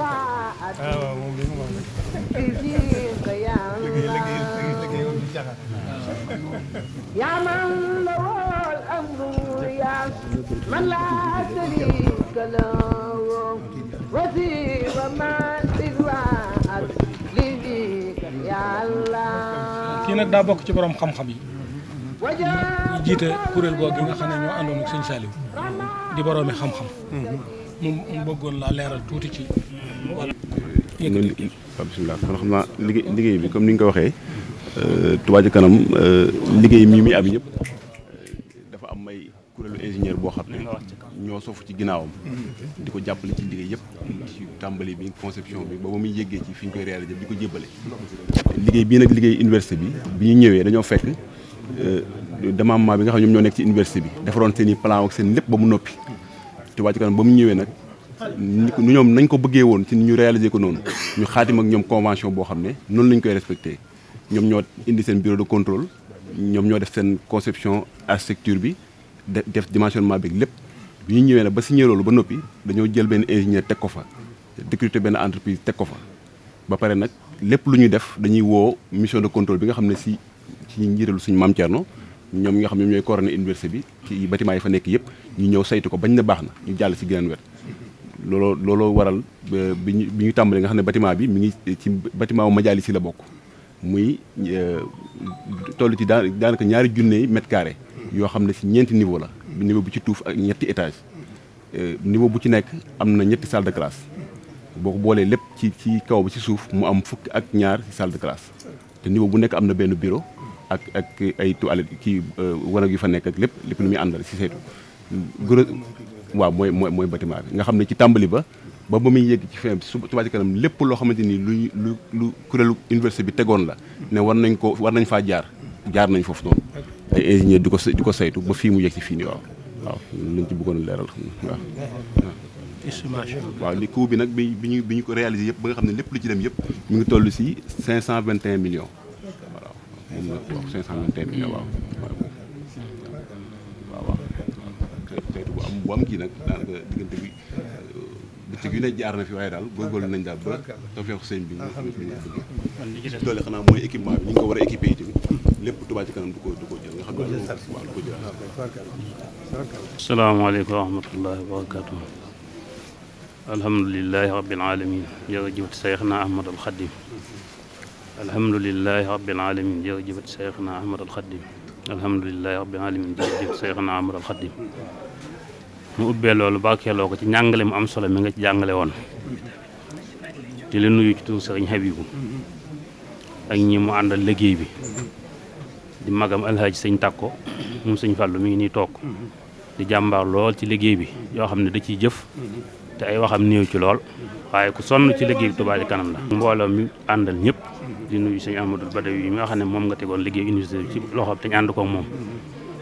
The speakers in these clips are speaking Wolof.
waaw moom li mu wax rek. liggéey liggéey liggéey moom du caaxaan. yaa man lawal amru yaa man laa sharika lahu wasiba man bidwaak lika yaa Allah. kii nag daa bokk ci borom xam-xam yi. jiite kuréel googu nga xam ne ñoo àndoon ak Sëñ Saliou di boroomi xam-xam. mu mu bëggoon laa leeral tuuti ci. bisimilah kon xam naa liggéey bi comme ni nga ko waxee. Euh, Touba Ca Kanam euh, liggéey mii muy ab yëpp euh, dafa am ay kuréelu ingénieur boo xam ne ñoo sofu ci ginnaawam. Mm-hmm. di ko jàppale ci liggéey yëpp. ci tàmbali bi conception bi ba ba muy yéggee ci fi ñu koy réalisé di ko jébbale. liggéey bii nag liggéey université bi bi ñu ñëwee dañoo fekk. démembrement bi nga xam ñoom ñoo nekk ci université bi defaroon seen i plan ak seen lépp ba mu noppi. Touba Ca Kanam ba mu ñëwee nag ñu ñoom nañ ko bëggee woon ci ñu réaliser ko noonu ñu xaatim ak ñoom convention boo xam ne noonu lañ koy respecté ñoom ñoo indi seen biro de controle ñoom ñoo def seen conception architecture bi def dimensionnement bi lépp bi ñu ñëwee nag ba si signé loolu ba noppi dañoo jël benn ingénieur teg ko fa recruter benn entreprise teg ko fa ba pare nag lépp lu ñuy def dañuy woo mission de contrôle bi nga xam ne si ci njiitalu suñu maam Thierno ñoom ñoo xam ne ñooy coordonné université bi ci bâtiment yi fa nekk yëpp ñu ñëw saytu ko bañ na baax na ñu jàll si geneen wet looloo looloo waral bi ñu bi ñu tàmbalee nga xam ne bâtiment bi mu ngi ci bâtiment majalis si la bokk muy euh, toll ci daa daanaka ñaari junne mètre carré yoo xam ne si ñeenti niveau la niveau bu ci tuuf ak ñetti étage euh, niveau bu ci nekk am na ñetti salle de classe boo ko boolee lépp ci ci kaw ba ci suuf mu am fukki ak ñaar ci salle de classe te niveau bu nekk am na benn bureau ak ak ay toilette kii euh, wanag yu fa nekk ak lépp lépp lu muy àndal si saytu gros waaw mooy mooy mooy bâtiment bi nga xam ne ci tàmbali ba ba ba muy yegg ci fin su Touba Ca Kanam lépp loo xamante ni luy lu lu kuréelu université bi tegoon la ne war nañ ko war nañ faa jaar jaar nañ foofu noonu ay ingénieur di ko di ko saytu ba fii mu yegg ci fii nii waaw waaw luñ ci bëggoon leeral waaw waaw li coût bi nag bi bi ñu ko réalisé yëpp ba nga xam ne lépp lu ci dem yëpp mu ngi toll si 521 million na wax cinq cent vingt et un waaw kii nag daanaka bi bëccëg yu ne jaar na fi waaye daal góorgóorlu nañ daal ba tawfeexu sëñ bi ñu doole xanaa mooy équipement bi ñu ngi ko war a équipé yi tamit lépp Touba ci kanam du ko du ko jël nga xam ne du ko jël asalaamaaleykum wa rahmatullahi wa barakatu alhamdulilahi rabbil alamin jërëjëf Seyxna Ahmadul Xadim alhamdulilahi rabbil alamin jërëjëfat Seexna Ahmad al Xadim alhamdulilahi rabbil alamin jërëjëfat Seexna Ahmad al Xadim mu ubbee loolu bàkkeeloo ko ci njàngale mu am solo mi nga ci jàngale woon di la nuyu ci tur Sëriñ Habibu ak ñi mu àndal léggéey bi di magam alhaaji sëñ Takko moom sëñ Fàllu mi ngi nii toog di jàmbaar lool ci liggéey bi yoo xam ne da ciy jëf te ay waxam néew ci lool waaye ku sonn ci liggéey Touba Ca Kanam la mbooloo mi àndal ñëpp di nuyu sëñ Amadou Badawi yi mi nga xam ne moom nga tegoon liggéey université bi ci loxoom te ñu ànd koog moom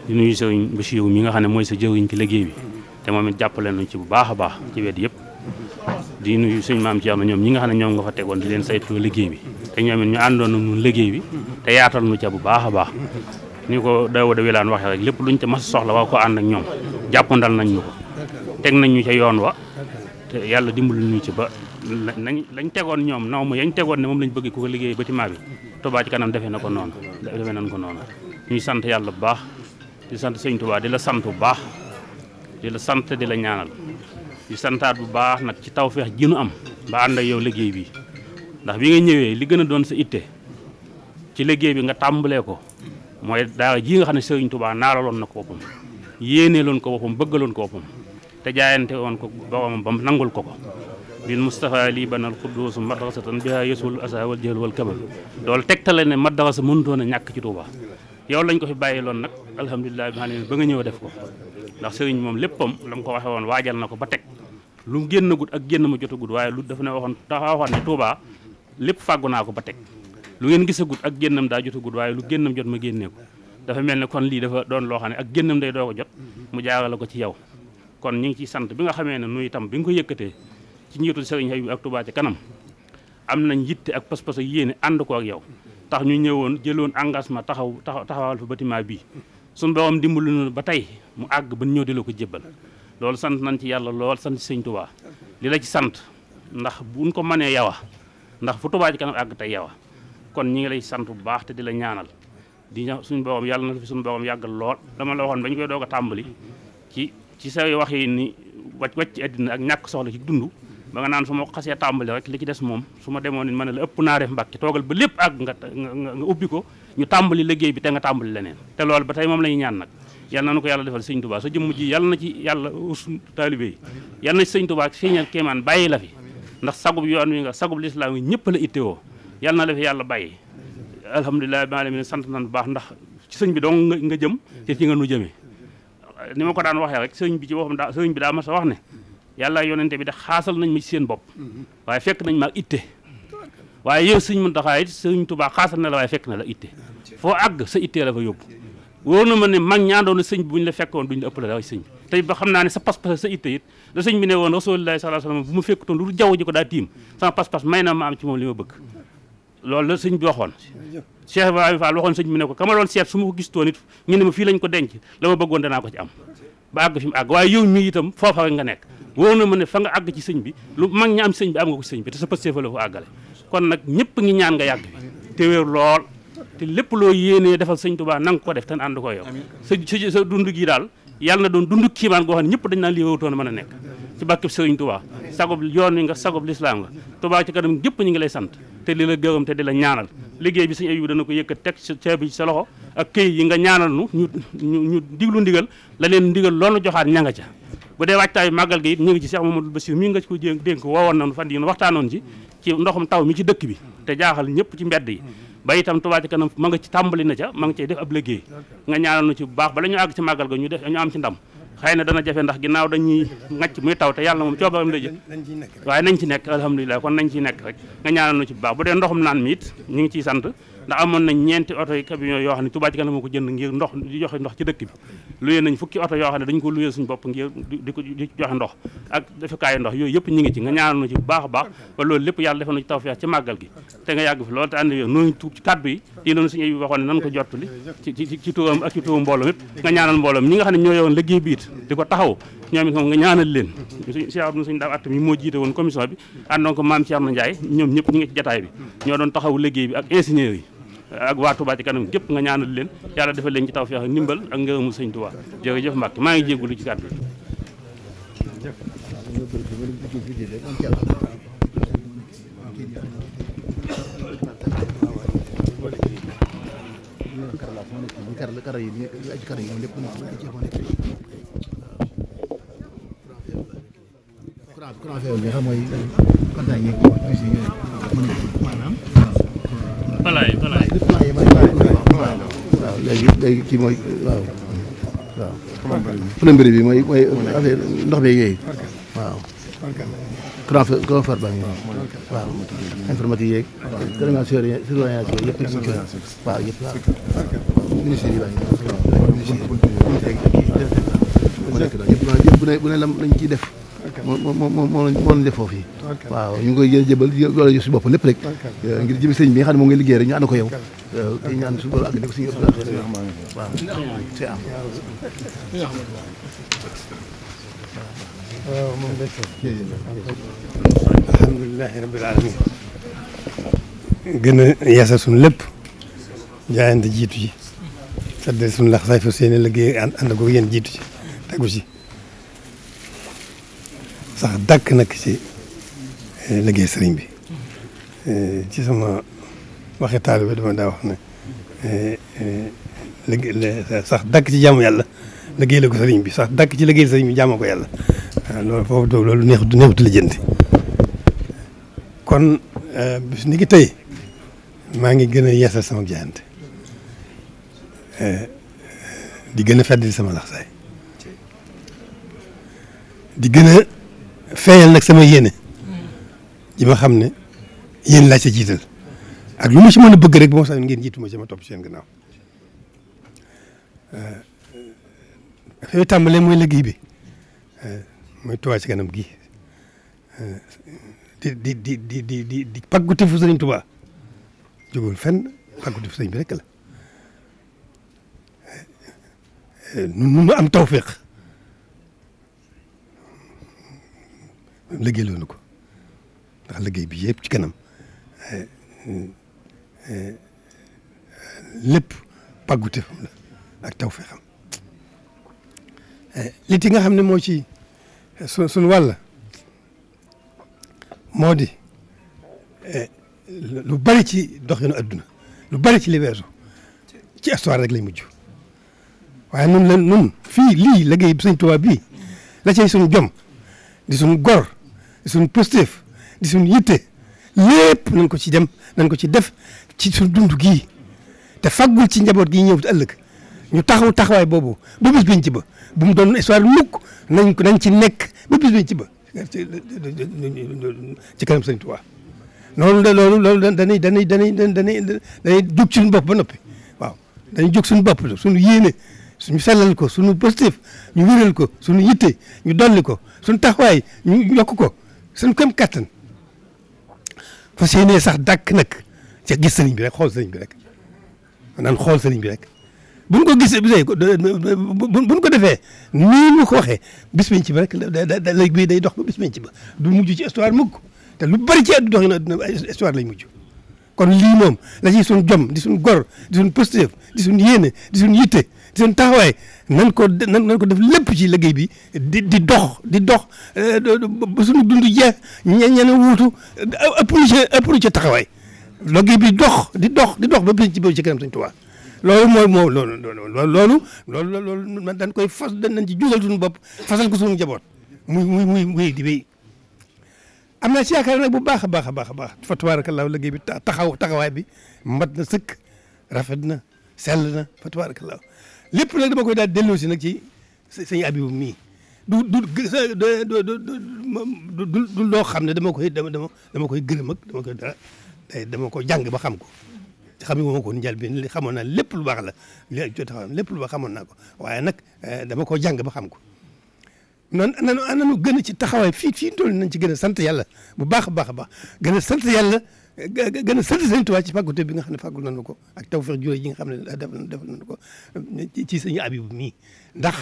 di nuyu sëñ Bachir mi te a ne ñoom nga fa tegoon di leen saytu liggéey bi te ñoom it ñu àndoon na ñun liggéey bi te yaatal nu ca bu baax a baax ni ko da wilaan waxee rek lépp luñ ca mas soxla waa ko ànd ak nañ ñu ko teg nañ ñu ca yoon wa te yàlla dimbali ñu ci ba lañ lañ tegoon ñoom non mu yañ tegoon ne moom lañ bëgg ku ko liggéey bâtiment bi Touba ci kanam defee na ko noonu defee nañ ko noonu ñuy sant yàlla bu baax di sant sëñ Touba di la sant bu baax di la sant di la ñaanal di santaat bu baax nag ci tawfeex ji nu am ba ànd yow liggéey bi ndax bi nga ñëwee li gën a doon sa itte ci liggéey bi nga tàmbalee ko mooy daa jii nga xam ne sëriñ tubaa naaraloon na ko boppam yéeneeloon ko boppam bëggaloon ko boppam te jaayante woon ko boromam ba nangul ko ko bil Moustapha lii banal xudduusu madrasatan biha yesul asa wal jël wal kamal loolu tegtale ne madrasa mënutoon a ñàkk ci Touba yow lañ ko fi bàyyi loon nag alhamdulilah ba nga ñëw def ko ndax sëriñ moom léppam la mu ko waxee woon waajal na ko ba teg lu mu génn gut ak génn ma jotagut waaye lu dafa ne waxoon dafa waxoon ne Touba lépp fàggu naa ko ba teg lu ngeen gisagut ak génnam daa jotagut waaye lu génnam jot ma génnee ko dafa mel ne kon lii dafa doon loo xam ne ak génnam day doo ko jot mu jaarale ko ci yow kon ñu ngi sant bi nga xamee ne nuy ci njiitul Serigne Habib ak Touba kanam am nañ yitte ak pas-pas ak yéene ànd ko ak yow tax ñu ñëwoon jëloon engagement taxaw taxawal fa bâtiment bii suñu borom dimbalu na ba tey mu àgg ba ñëw di la ko jébbal loolu sant nañ ci yàlla lool sant ci sëñ Touba li la ci sant ndax buñ ko mënee yow a ndax fu Touba ci kanam àgg tey yow a kon ñi ngi lay sant bu baax te di la ñaanal di ña suñu borom yàlla na fi suñu borom yàggal lool dama la waxoon bañ koy doog tàmbali ci ci say wax ni wàcc wàcc ci àddina ak ñàkk soxla ci dund ba nga naan su ma xasee tàmbali rek li ci des moom su ma demoon ma ne la ëpp naa def mbàkki toogal ba lépp ak nga nga ubbi ko ñu tàmbali liggéey bi te nga tàmbali leneen te loolu ba tey moom la ñuy ñaan nag yal na nu ko yàlla defal sëñ tubaa sa jëmm ji yal na ci yàlla us taalibe yi yal na ci sëñ tubaa feeñal kéemaan bàyyi la fi ndax sagub yoon wi nga sagub lislaam yi ñëpp la ittewoo yal na la fi yàlla bàyyi alhamdulilah baax ndax sëñ bi dong nga a yàlla yonente bi de xaasal nañ ma ci seen bopp mm-hmm. waaye fekk nañ ma itte waaye yow sëñ Muntaxa it sëñ Tuubaa xaasal na la waaye fekk na la itte foo àgg sa ittee la fa yóbbu wóor na ma ne mag ñaandoon na sëñ bi bu ñu la fekkoon duñ la ëppale waaye sëñ bi tey ba xam naa ne sa pas-pas sa itte it la sëñ bi ne woon rasulillahi sallallahu alayhi wasallam bu ma fekkutoon lu jaww ji ko daa tiim sama pas-pas may na ma am ci moom li ma bëgg loolu la sëñ bi waxoon ne ko kama doon seet su ma ko ñu ne ma fii lañ ko denc la bëggoon danaa ko ci am ba àgg fi mu àgg waaye yow mii itam foofa rek nga nekk wóor na ma ne fa nga àgg ci sëñ bi lu mag ñi am sëñ bi am nga ko sëñ bi te sa pëstee fa la fa àggale kon nag ñëpp ngi ñaan nga yàgg te wér lool te lépp loo yéenee defal sëñ Tuubaa na nga ko def te ànd ko yow sa sa dund gi daal yàlla na doon dund kiimaan goo xam ne ñëpp dañ naan lii wowutoon mën a nekk ci bàkkib sëriñ Tuubaa sagub yoon wi nga sagub lislaam nga Tuubaa ci kanam ñëpp ñu ngi lay sant te di la gërëm te di la ñaanal liggéey bi suñu ayib dana ko yëkkat teg ceeb bi sa loxo ak këy yi nga ñaanal nu ñu ñu diglu ndigal la leen ndigal loolu joxaat ña nga ca bu dee waajtaayu màggal gi it ñu ngi ci Cheikh Mamadou Bassir mii nga ci ko dénk woowoon fa fan yi waxtaanoon ci ci ndoxum taw mi ci dëkk bi te jaaxal ñëpp ci mbedd yi ba itam Touba Ca Kanam ma nga ci tàmbali na ca ma nga cay def ab liggéey nga ñaanal nu ci bu baax bala ñu àgg ci màggal ga ñu def ñu am ci ndam xëy na dana jafe ndax ginnaaw dañuy ngacc muy taw te yàlla moom coobaram la jël waaye nañ ci nekk alhamdulilah kon nañ ci nekk rek nga ñaanal nu ci bu baax bu dee ndoxum naan mi it ñu ngi ciy sant ndax amoon nañ ñeenti oto yi camion yoo xam ne Touba ci kanam moo ko jënd ngir ndox di joxe ndox ci dëkk bi luyee nañ fukki oto yoo xam ko luyee suñu bopp ngir di ko di yëpp ñu ngi ci nga a baax ba loolu lépp yàlla defal na ci tawfeex ci màggal gi te nga yàgg fi loolu ne xam ne ñoo yowoon liggéey bi it di ko taxaw ñoom it moom nga ñaanal leen suñ Cheikh Abdou suñu moo jiite woon commission bi àndoon ko maam Thierno Ndiaye ñoom ñëpp ñi ngi ci jataay bi ñoo doon taxaw liggéey bi ak ingénieur yi ak waa Touba kanam gépp nga ñaanal leen yàlla defal leen ci tawfeex ndimbal ak ngërëmu sëñ Touba jërëjëf Mbacke maa ngi jégalu ci kàddu courant balaay balaay waaw léegi léegi kii mooy waaw waaw bi mooy mooy affaire ndox mi yooyu waaw transfert baa ngi waaw informatique yeeg surveillance yooyu yëpp waaw yëpp waaw ministère yi baa ngi def moo moo moo moo def foofu yi waaw ñu ngi koy jëbal wala yo si bopp lépp rek eh, ngir jëmi sëñ bi nga xam ne moom ngay liggéey rek ñu ànd ko yow ñu eh, ñaan su borom ak def suñu waaw c'est am waaw moom de alhamdulilahi rabbil alamin gën a yeesal suñu lépp jaayante jiitu ji sadde suñu laxasaay fa seen liggéey ànd ko yéen jiitu ji tegu ci sax dàkk nag ci eh, liggéey sëriñ bi eh, ci sama waxi taalibe dama daa wax ne eh, sax dàkk ci jaamu yàlla liggéey la ko bi sax dàkk ci liggéey sëriñ bi jaamoo ko yàlla waaw ah, loolu foofu doo loolu neexut neexut lijjanti kon bis ni tey maa ngi gën a yeesal sama jaayante di gën a feddali sama laxsaay di gën feeñal nag sama yéene ji ma xam ne yéen laa ca jiital ak lu ma ci mën a bëgg rek ba ngeen jiitu ma ci ma topp seen gannaaw dafay euh, mooy liggéey bi euh, mooy Touba ci kanam gi euh, di di di di di di di pàggatu fu sëriñ Touba jógul fenn pàggatu fu am tawféex liggéey loonu ko ndax liggéey bi yëpp ci kanam eh, eh, lépp pàggute fam la ak taw fee li ti nga xam ne moo ci su eh, suñu moo di lu bari ci doxinu adduna lu bari ci li weesu ci histoire rek lay mujj waaye nun la nun fii lii liggéey bi Sëñ la cay suñu jom di suñu gor di suñ positif di suñ yitte lépp nañ ko ci dem nañ ko ci def ci suñ dund gii te faggul ci njaboot gi ñëw ëllëg ñu taxaw taxawaay boobu ba bis biñ ci ba bu mu doon histoire mukk nañ ko nañ ci nekk ba bis biñ ci ba ci kanam sëñ wa loolu de loolu loolu dañuy dañuy dañuy dañuy dañuy jóg suñu bopp ba noppi waaw dañuy jóg suñu bopp suñu yéene suñu sellal ko suñu positif ñu wéral ko suñu yitte ñu dolli ko suñu taxawaay ñu yokk ko suñu këm kattan fas yéenee sax dàkk nag ca gis sëriñ bi rek xool sëriñ bi rek naan xool sëriñ bi rek buñ ko gisee bu buñ ko defee nii ñu ko waxee bis bañ ci ba rek da lay bii day dox ba bis bañ ci ba du mujj ci histoire muk te lu bari ci addu dox yi histoire lay mujj kon lii moom la ci suñ jom di suñ gor di suñ pëstëf di suñ yéene di suñ yitte seen taxawaay nan ko nan ko def lépp ci liggéey bi di di dox di dox euh, ba suñu dund jeex ñe ñene wuutu ëpp lu ci ëpp lu taxawaay liggéey bi dox di dox di dox ba ci ba ci kanam Sëñ Tuubaa loolu mooy moo loolu loolu loolu loolu dañ koy fas dañ ci jugal suñu bopp fasal ko suñu njaboot muy muy muy muy di wéy am naa ci yaakaar nag bu baax a baax a baax a baax fa tabaarakallaahu liggéey bi taxaw taxawaay bi mat na sëkk rafet na sell na fa tabaarakallaahu lépp nag dama koy daal delloo si nag ci sëñ Abibu mii du du du du loo xam ne dama koy dama dama koy gërëm ak dama koy dara dama ko jàng ba xam ko te xam ne moom ko njal bi li xamoon naa lépp lu baax la li jot a lépp lu xamoon naa ko waaye nag eh, dama ko jàng ba xam ko nan nanu nanu gën a ci taxawaay fii fii toll nañ ci gën a sant yàlla bu baax a baax a baax gën a sant yàlla gën a sant sëñ Tuubaa ci fàggute bi nga xam ne fàggul nañu ko ak tawfeex jure yi nga xam ne defal defal nañu ko euh, ci sëñ Abibu mii ndax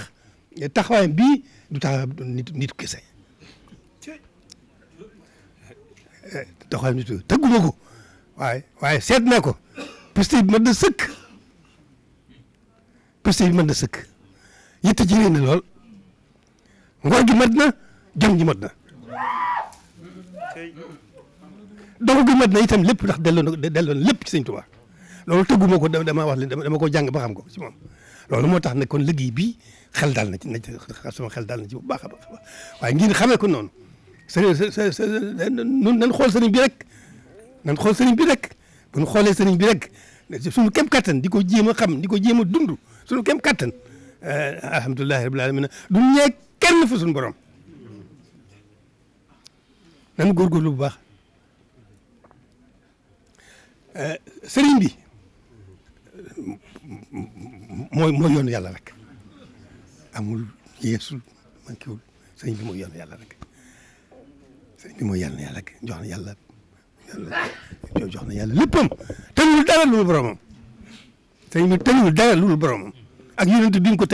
taxawaayam bii du taxawaayam nit nit kese taxawaayam nit tëgguma ko waaye seet na ko piste bi mën na sëkk piste yi mën na sëkk yitte ji na lool ngor gi mat na jom ji mat na dox gi mat na itam lépp ndax delloo na delloo na lépp ci sëñ Tuubaa loolu tëgguma ko dama wax dama ko jàng ba xam ko ci moom loolu moo tax ne kon liggéey bii xel daal na ci na ci sama xel daal na ci bu baax a baax waaye ngir xamee ko noonu sëriñ nan xool sëriñ bi rek xool sëriñ bi rek bu ñu xoolee sëriñ bi rek suñu kem kattan di ko jéem a xam di ko jéem a dund suñu kem kattan eh, alhamdulilahi rabbil alamin du ñee kenn fa suñu borom nan góorgóorlu baax Euh, sëriñ bi mooy mooy yoonu yàlla rek amul yeesul mooy yoonu yàlla rek sëriñ bi mooy yàlla yàlla rek jox na yàlla jox na yàlla léppam tënul dara lu boromam sëriñ bi tënul dara lu boromam ak yonent bi mu ko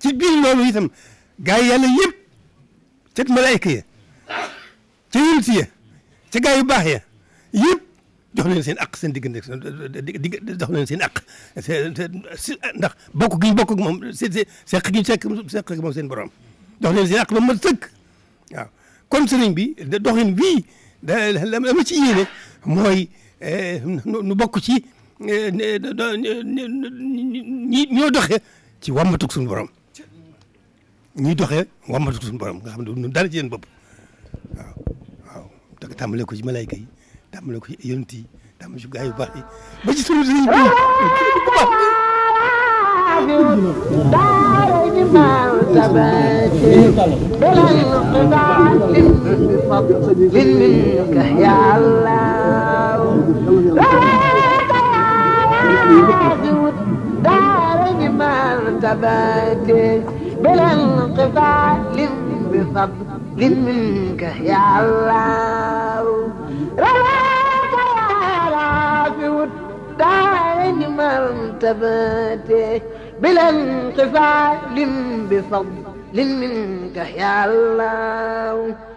ci biir loolu itam gaa yi yàlla yëpp ca malaayka ya ca yonent ya ca gaa yu baax jox leen seen àq seen diggante digg jox leen seen àq ndax bokk gi bokk ak moom se seq gi seq seq ak moom seen borom jox leen seen àq ba mu mën sëkk waaw kon sëriñ bi doxin bii da la ma ci yéene mooy eh, nu bokk ci eh, ñi ñoo doxee ci wàmmatug suñu borom ñuy doxee wàmmatug suñu borom nga xam ne dara ci seen bopp waaw waaw tàmbale ko ci malayka yi tàmbale ko ci yonent yi tàmbale ci gaa yu bi ku baax بفضل fi wut تعالى لما ارتبته بلا انقفال بفضل منك يا الله